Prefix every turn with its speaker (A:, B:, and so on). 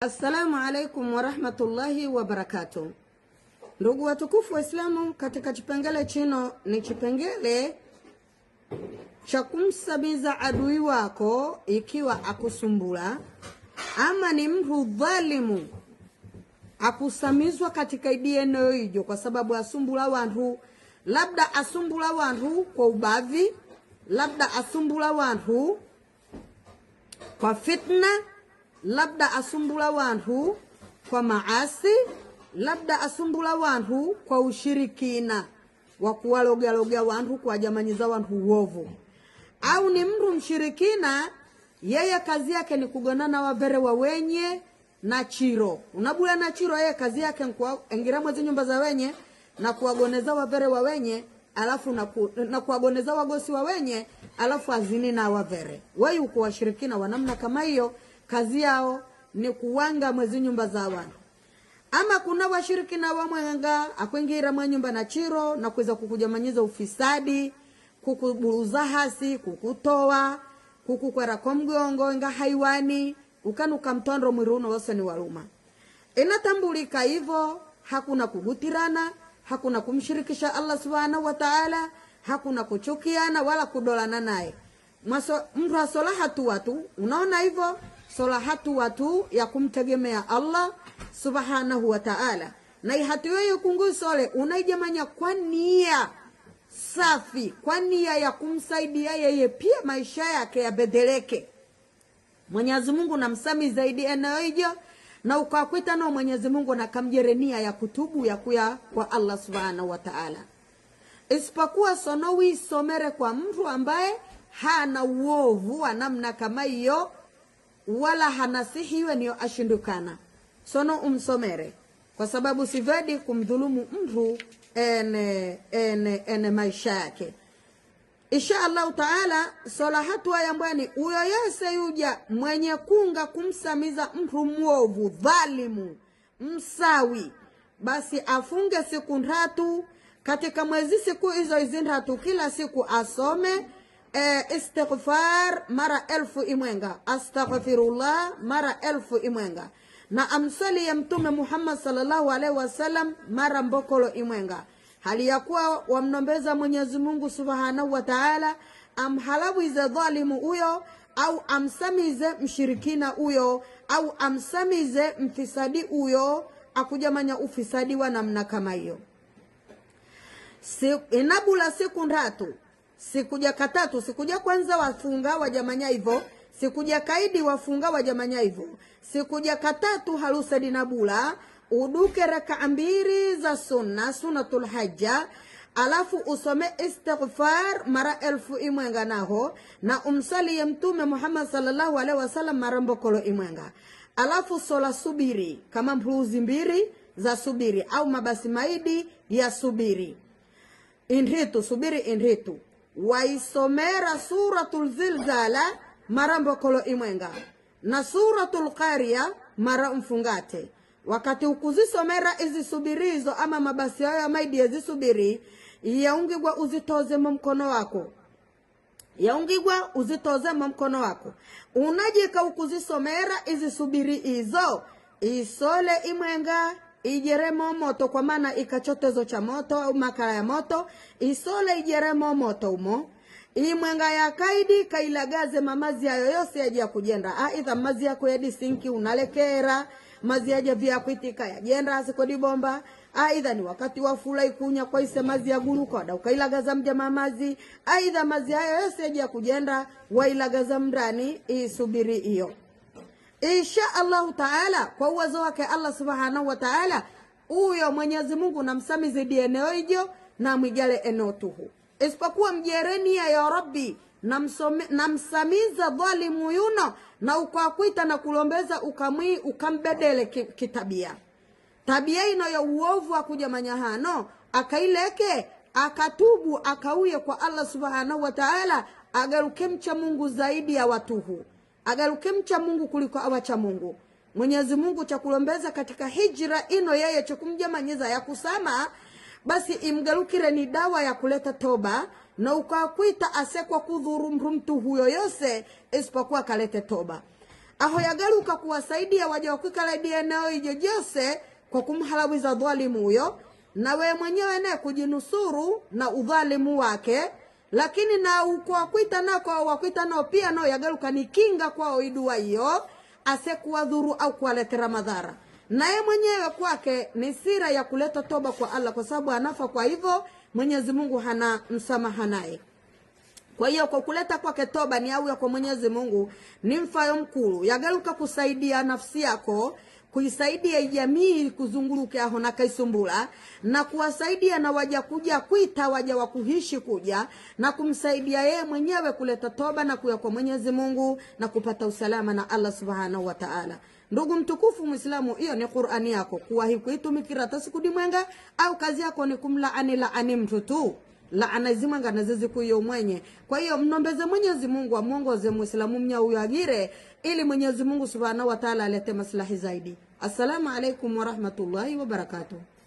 A: Assalamu alaikum warahmatullahi wabarakatu, ndugu watukufu Waislamu, katika kipengele chino ni kipengele cha kumsabiza adui wako ikiwa akusumbula ama ni mtu dhalimu akusamizwa katika idieneo hijo kwa sababu asumbula wantu, labda asumbula wantu kwa ubavi, labda asumbula wantu kwa fitna labda asumbula wanhu kwa maasi, labda asumbula wanhu kwa ushirikina wa wanhu kwa jamani za wanhu uovu, au ni mndu mshirikina, yeye kazi yake ni kugonana na wavere wa wenye na chiro unabula na chiro, yeye kazi yake nkuingira mwezi nyumba za wenye na kuwagoneza wavere wa wenye alafu na, ku, na kuwagoneza wagosi wa wenye alafu azini na wavere. Wewe uko washirikina wa namna kama hiyo kazi yao ni kuwanga mwezi nyumba za wana ama kuna washiriki na wamwanga akwengira mwa nyumba na chiro na kuweza kukujamanyiza ufisadi kukuburuza hasi kukutoa kukukwera kwa mgongo nga haiwani ukanuka mtondo mwiruno wose ni waruma inatambulika hivyo hakuna kugutirana hakuna kumshirikisha allah subhanahu wa taala hakuna kuchukiana wala kudolana naye mtu asolaha tu watu unaona hivyo sola hatu watu ya kumtegemea Allah subhanahu wa ta'ala, na yoyo kungu sole unaijamanya kwa nia safi, kwa nia ya kumsaidia yeye pia maisha yake yabedeleke. Mwenyezi Mungu namsami zaidi eneo hijo na ukakwita nao Mwenyezi Mungu na kamjerenia ya kutubu ya kuya kwa Allah subhanahu wa ta'ala, isipokuwa sono somere kwa mtu ambaye hana uovu wa namna kama hiyo wala hanasihiwe niyo ashindukana sono umsomere kwa sababu sivedi kumdhulumu mtu ene, ene, ene maisha yake insha allahu taala sola hatua yambwani uyo yese yuja mwenye kunga kumsamiza mtu mwovu dhalimu msawi basi afunge siku ndatu katika mwezi siku hizo izi kila siku asome eh, istighfar mara elfu imwenga, astaghfirullah mara elfu imwenga, na amsalie Mtume Muhammad sallallahu alaihi wasallam mara mbokolo imwenga, hali ya kuwa wamnombeza Mwenyezi Mungu subhanahu wa taala amhalawize dhalimu huyo au amsamize mshirikina huyo au amsamize mfisadi huyo akujamanya ufisadi wa namna kama hiyo. Si, inabula siku ndatu sikuja katatu, sikuja kwanza wafunga wajamanya hivyo, sikuja kaidi wafunga wajamanya hivyo, sikuja katatu harusa dinabula uduke rakaa mbili za sunna sunatul haja, alafu usome istighfar mara elfu imwenga naho na umsalie mtume Muhammad sallallahu alaihi wasallam mara mbokolo imwenga alafu sola subiri kama mpuuzi mbili za subiri au mabasi maidi ya subiri inritu subiri inritu waisomera suratul zilzala mara mbokolo imwenga na suratul qaria mara mfungate wakati ukuzisomera izisubirizo ama mabasi ayo amaidi yazisubiri yaungigwa uzitozemo mkono wako yaungigwa uzitoze uzitozemo mkono wako unajika ukuzisomera izisubiri izo isole imwenga ijeremo moto kwa maana ikachotezo cha moto au makala ya moto isole ijeremo moto umo imwenga ya kaidi kailagaze mamazi yayoyose yaje kujenda aidha mazi yako sinki unalekera mazi yaja vyakuitika yajenda asikodi bomba aidha ni wakati wa fula ikunya kwa ise mazi ya da ukailagaza mja mamazi aidha mazi hayo yose yaje kujenda wailagaza mdani isubiri hiyo insha allahu taala kwa uwezo wake allah subhanahu taala huyo mwenyezi mungu namsamizidi eneo hijo na mwijale eneo tuhu isipokuwa mjerenia ya rabbi namsamiza namsamiza dhalimu yuno na ukakuita na kulombeza ukamwi ukambedele kitabia tabia ino ya uovu akuja manyahano akaileke akatubu akauye kwa allah subhanahu taala agaruke mcha mungu zaidi ya watuhu agaruke mcha Mungu kuliko awacha Mungu. Mwenyezi Mungu chakulombeza katika hijira ino yeye chokumjamanyiza ya kusama basi imgarukire ni dawa ya kuleta toba na ukakwita asekwa kudhuru mtu huyo yose isipokuwa kalete toba aho yagaruka kuwasaidia waja wakwikaladia eneo ijo jose kwa kumhalawiza dhalimu huyo na we mwenyewe naye kujinusuru na udhalimu wake lakini na na kwa wakwita nao pia nao yagaruka ni kinga kwao idua hiyo ase kuwadhuru au kuwaletera madhara naye mwenyewe kwake ni sira ya kuleta toba kwa Allah kwa sababu anafa. Kwa hivyo Mwenyezi Mungu hana msamaha naye. Kwa hiyo kwa kuleta kwake toba ni au ya kwa Mwenyezi Mungu ni mfayo mkuu, yagaruka kusaidia nafsi yako kuisaidia jamii kuzunguruka aho na kaisumbula na kuwasaidia na waja kuja kuita waja wa kuhishi kuja na kumsaidia yeye mwenyewe kuleta toba na kuya kwa Mwenyezi Mungu na kupata usalama na Allah Subhanahu wa Ta'ala. Ndugu mtukufu Muislamu, hiyo ni Qur'ani yako, kuwahi kuitumikira hata siku dimwenga au kazi yako ni kumlaani laani mtu tu la laana zimwanga ziku kuyo mwenye. Kwa hiyo mnombeze Mwenyezi Mungu amwongoze Muislamu mnya huyo agire, ili Mwenyezi Mungu subhanahu wa taala alete maslahi zaidi. Assalamu alaikum warahmatullahi barakatuh.